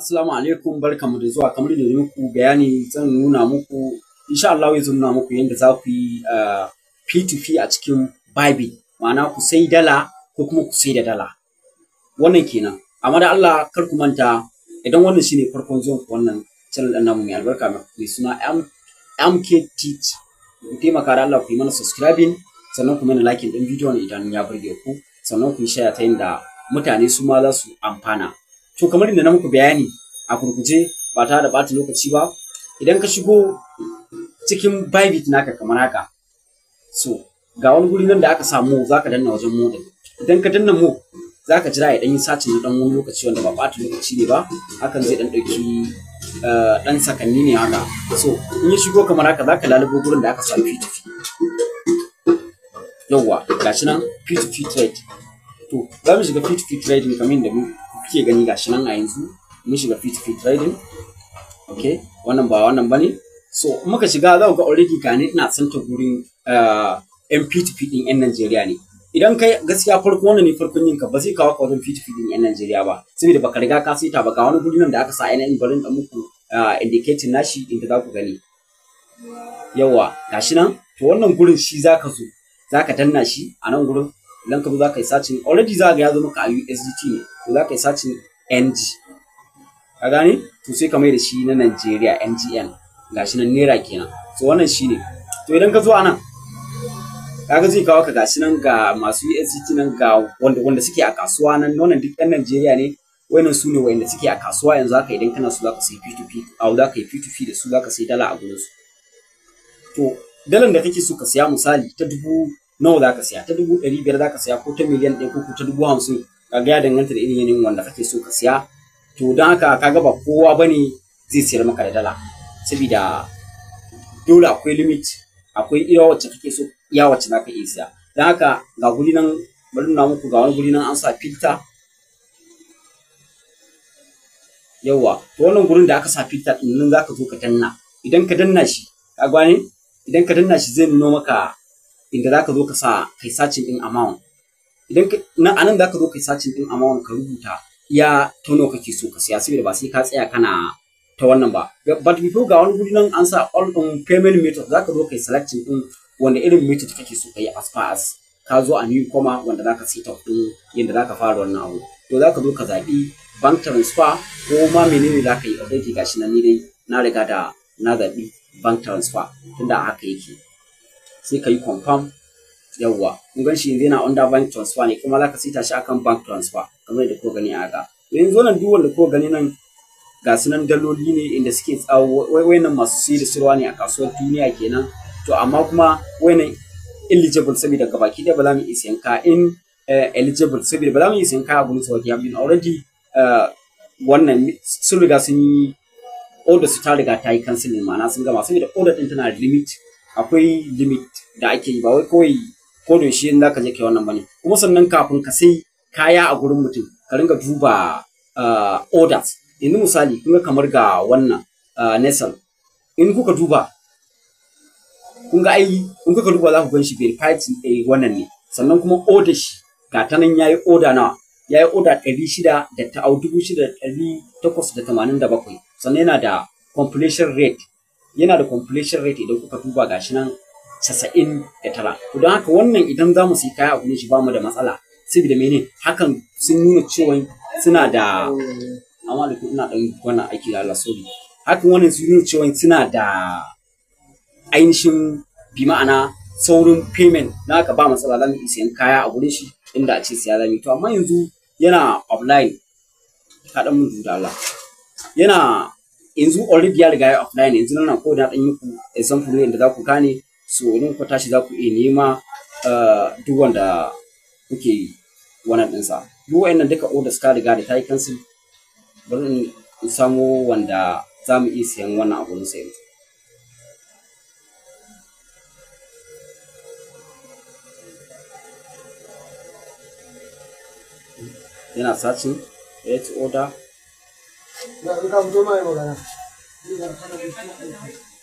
Assalamu alaikum barkamu da zuwa kamar da muku bayani zan nuna muku insha Allah zan nuna muku yadda za ku yi P2P ah, a cikin Bible ma'ana ku sai dala ko kuma ku sai da dala wannan kenan amma da Allah kar ku manta idan wannan shine farkon zuwan ku wannan channel din namu mai albarka mai suna MK Teach ku taimaka da Allah ku yi mana subscribing sannan ku mana like din bidiyon idan ya burge ku sannan ku share ta yadda mutane su ma za su amfana to kamar inda na muku bayani a gurguje ba tare da bata lokaci ba idan ka shigo cikin bybit naka kamar haka so ga wani guri nan da aka samu za ka danna wajen model idan ka danna mo za ka jira ya dan yi sacin na dan wani lokaci wanda ba bata lokaci ne ba hakan zai dan dauki dan eh, sakanni ne haka so in ya shigo kamar haka za ka lalubo gurin da aka samu p2p gashi nan fit fit trade to za mu shiga fit fit trade ne kamar mu. kuke gani gashi nan a yanzu mun shiga fit fit trading okay wannan ba wannan bane so muka shiga za ku ga already ga ne ina santa gurin eh, yan ptp din yan Najeriya ne idan kai gaskiya farko wannan ne farkon yin ka ba zai kawo ka wajen fit din yan Najeriya ba saboda baka riga ka saita ba ga wani guri nan da aka sa yana yan barin da muku eh, indicating nashi inda za ku gani yawa gashi nan to wannan gurin shi zaka zo zaka danna shi a nan gurin idan ka zo za ka yi sacin already za ga ya zo maka a USDT ne to za ka yi sacin NG ka gane to sai ka mai da shi na Nigeria NGN Ga shi nan naira kenan so wannan shi ne. to idan ka zo a nan kaga zai kawo ka gashi nan ga masu USDT nan ga wanda wanda suke a kasuwa nan wannan duk ɗan Najeriya ne wayannan su ne wayanda suke a kasuwa yanzu haka idan kana so ka sai P2P a za ka yi P2P da su ka sai dala a gurin su to dalan da kake so ka siya misali ta dubu nawa za ka siya ta dubu ɗari biyar za ka siya ko ta miliyan ɗaya ko ta dubu hamsin kaga ya danganta da irin yanayin wanda kake so ka siya to don haka kaga ba kowa ba ne zai siyar maka da dala saboda dole akwai limit akwai iya wacce kake so iya wacce za ka iya siya don haka ga guri nan bari na muku ga wani guri nan an sa filta yawa to wannan gurin da aka sa filta din nan za ka zo ka danna idan ka danna shi ka gane idan ka danna shi zai nuno maka inda za ka zo ka sa kai sacin ɗin amount idan na anan za ka zo kai sacin ɗin amount ka rubuta ya tono kake so ka siya saboda ba sai ka tsaya kana ta wannan ba but before ga wani guri nan an sa all on payment method za ka zo kai selecting ɗin wanda irin method kake so ka yi as far as ka zo a new comma wanda za ka set up ɗin yadda za ka fara wannan abu to za ka zo ka zaɓi bank transfer ko ma menene za ka yi already gashi nan ni dai na riga da na zaɓi bank transfer tunda haka yake sai ka yi confirm yawwa Mun gan shi yanzu yana under bank transfer ne kuma za ka sita shi akan bank transfer kamar yadda ko gani a ga yanzu nan duk wanda ko gani nan ga su nan daloli ne inda suke tsawo wayannan masu siye da sirwa ne a kasuwar duniya kenan to amma kuma wayannan eligible saboda gabaki ɗaya ba za mu iya siyan kaya in eh, eligible saboda ba za mu iya siyan kaya a gurin sauki ya bin already eh, wannan sun riga sun yi order su ta riga ta yi canceling ma'ana sun gama saboda order din tana limit akwai limit da ake yi ba wai kawai ko da shi in zaka je kai wannan bane kuma sannan kafin ka sai kaya a gurin mutum ka ringa duba ah, orders yanzu misali kuma kamar ga wannan ah, nesal in kuka duba kun ga ai in kuka duba za ku gan shi verified eh, wannan ne sannan kuma order shi ga ta nan yayi order nawa ya yi oda ɗari shida da au, dubu shida da ɗari takwas da tamanin da bakwai sannan yana da completion rate yana da completion rate idan kuka duba gashi nan 99 tara, don haka wannan idan zamu mu sai kaya a gurin shi ba mu da matsala saboda mene hakan sun nuna cewa suna da amma da ina dan wannan aiki da Allah sori hakan wannan sun nuna cewa suna da ainihin bi ma'ana saurin payment na haka ba matsala za mu iya kaya a gurin shi inda a ce siya za mu to amma yanzu yana online ka dan mun da Allah yana yanzu already ya riga ya ne yanzu nan ko na dan yi ku example ne da za ku gane so idan ku tashi za ku iya nema eh, duk wanda kuke wannan sa duk wa'annan duka order suka riga da ta yi cancel bari in samo wanda za mu iya siyan wannan abun sa yanzu yana sacin rate order Nggak, kamu cuma ya, Bang.